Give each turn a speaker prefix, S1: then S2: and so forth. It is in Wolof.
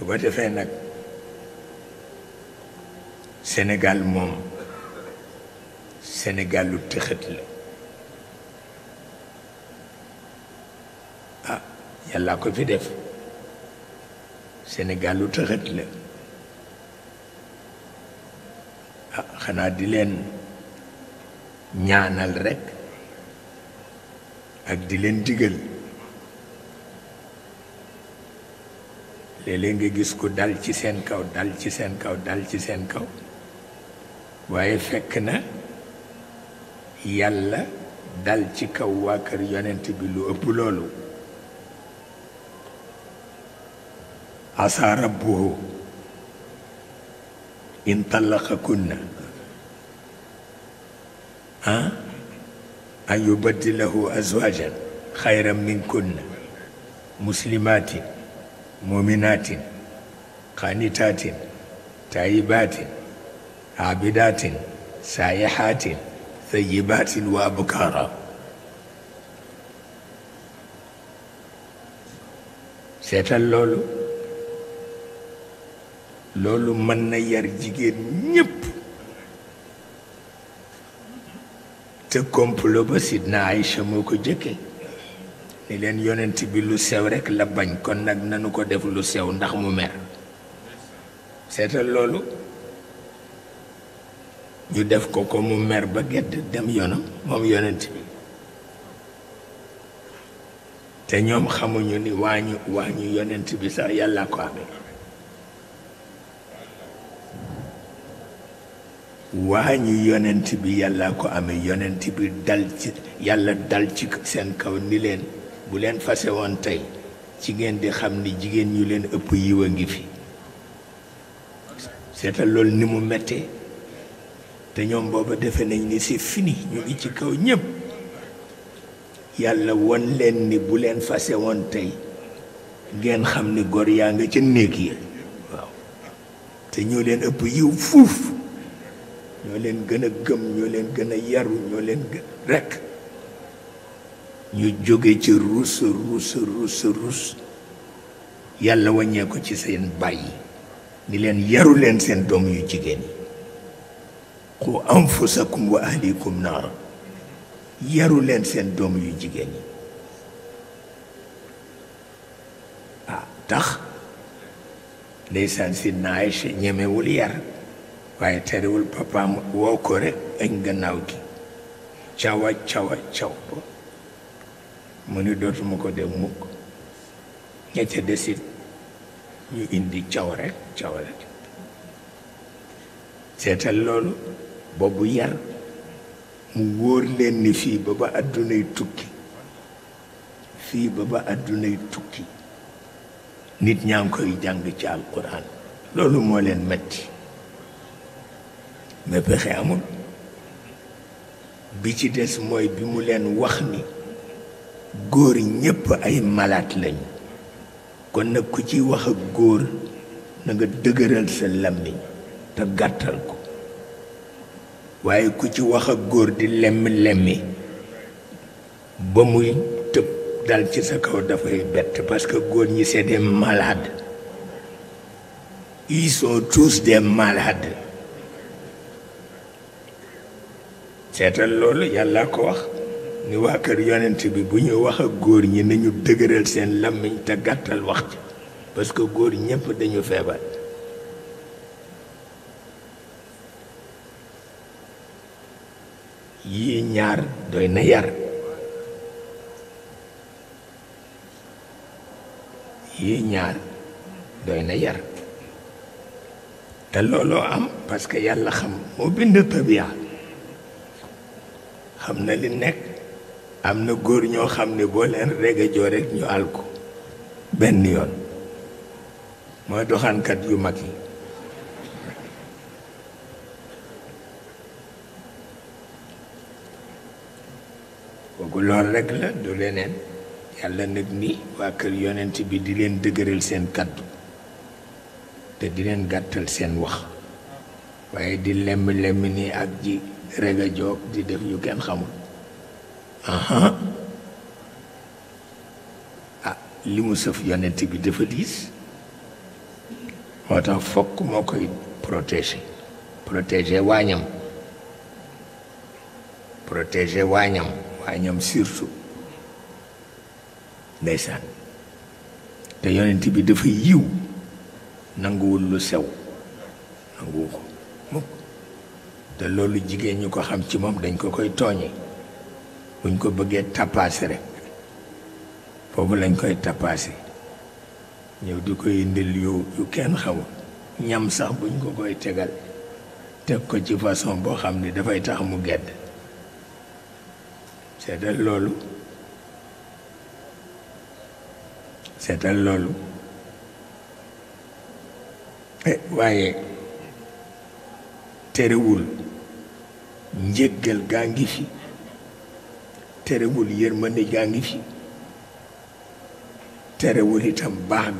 S1: su ko defee nag Sénégal moom Sénégal lu tëxët la ah yàlla ko fi def Sénégal lu tëxët la ah xanaa di leen ñaanal rekk ak di leen digal léeg nga gis ko dal ci seen kaw dal ci seen kaw dal ci seen kaw waaye fekk na yàlla dal ci kaw waa kër yonent bi lu ëpp loolu asa rabbuhu in tallaqakunna ah an yubaddilahu azwajan xayran minkunna muslimatin muminatin qanitatin tayyibatin abidatin sayihatin thayyibatin wa abkara seetal loolu loolu mën na yar jigéen ñépp te complot ba Sidna Aïcha moo ko jëkke ni leen yonent bi lu sew rekk la bañ kon nag nanu ko def lu sew ndax mu mer seetal loolu ñu def ko ko mu mer ba gedd dem yoonam moom yonent bi te ñoom xamuñu ni waa ñu waa ñu yonent bi sax yàlla ko amee waa ñu yonent bi yàlla ko amee yonent bi dal ci yàlla dal ci seen kaw ni leen bu leen fasewoon tey ci ngeen di xam ni jigéen ñu leen ëpp yiw a ngi fi seetal loolu ni mu mettee te ñoom booba defe nañ ni c'est fini ñu ngi ci kaw ñépp yàlla won leen ni bu leen fase woon tey ngeen xam ni gor yaa nga ca néeg yi waaw te ñoo leen ëpp yiw fuuf ñoo leen gën a gëm ñoo leen gën a yaru ñoo leen rekk ñu jóge ci rus rus rus rus yàlla wàññee ko ci seen bàyyi ni leen yaru leen seen doom yu jigéen yi qu anfusakum wa ahlikum naara yaru leen seen doom yu jigéen yi ah tax ndeysaan si naay si ñemewul yar waaye terewul papaam woo ko rek añ gannaaw gi cawa cawa caw mu ni dootuma ko dem mukk ñette desit ñu indi caw rek caw rek seetal loolu boobu yar mu wóor leen ni fii ba ba àddunay tukki fii ba ba àddunay tukki nit ñaa koy jàng ci alquran loolu moo leen metti mais pexe amul bi ci des mooy bi mu leen wax ni góor ñépp ay malaat lañ kon nag ku ci wax ak góor na nga dëgëral sa làmmiñ te gàttal ko waaye ku ci wax ak góor di lemmi lemmi ba muy tëb dal ci sa kaw dafay bett parce que góor ñi c'est des malades ils sont seetal loolu yàlla ko wax ni waa kër yonent bi bu ñu wax ak góor ñi nañu dëgëral seen làmmiñ te gàttal wax ci parce que góor ñépp dañu feebar yii ñaar doy na yar yii ñaar doy na yar te looloo am parce que yàlla xam moo bind tabiya xam na li nekk am na góor ñoo xam ne boo leen regejoo rek ñu àl benn yoon mooy doxaankat yu mag yi kooku lool rek la du leneen yàlla nag ni waa kër yonent bi di leen dëgëral seen kàddu te di leen gàttal seen wax waaye di lemm lemm nii ak ji regejoog di def yu kenn xamul Uh-huh. ah li mu sëf yonent bi dafa diis moo tax fokk moo koy protéger protéger waañam protéger waañam waañam surtout ndeysaan te yonent bi dafa yiw nanguwul lu sew nanguwu ko mukk te loolu jigéen ñu ko xam ci moom dañ ko koy tooñe buñ ko bëggee tappaase rek foofu lañ koy tappaase ñëw di koy indil yu yu kenn xamul ñam sax buñ ko koy tegal teg ko ci façon boo xam ne dafay tax mu gedd seetal loolu seetal loolu eh, waaye terewul njëggal gaa ngi fi terewul ne jaa ngi fi terewul itam baax ga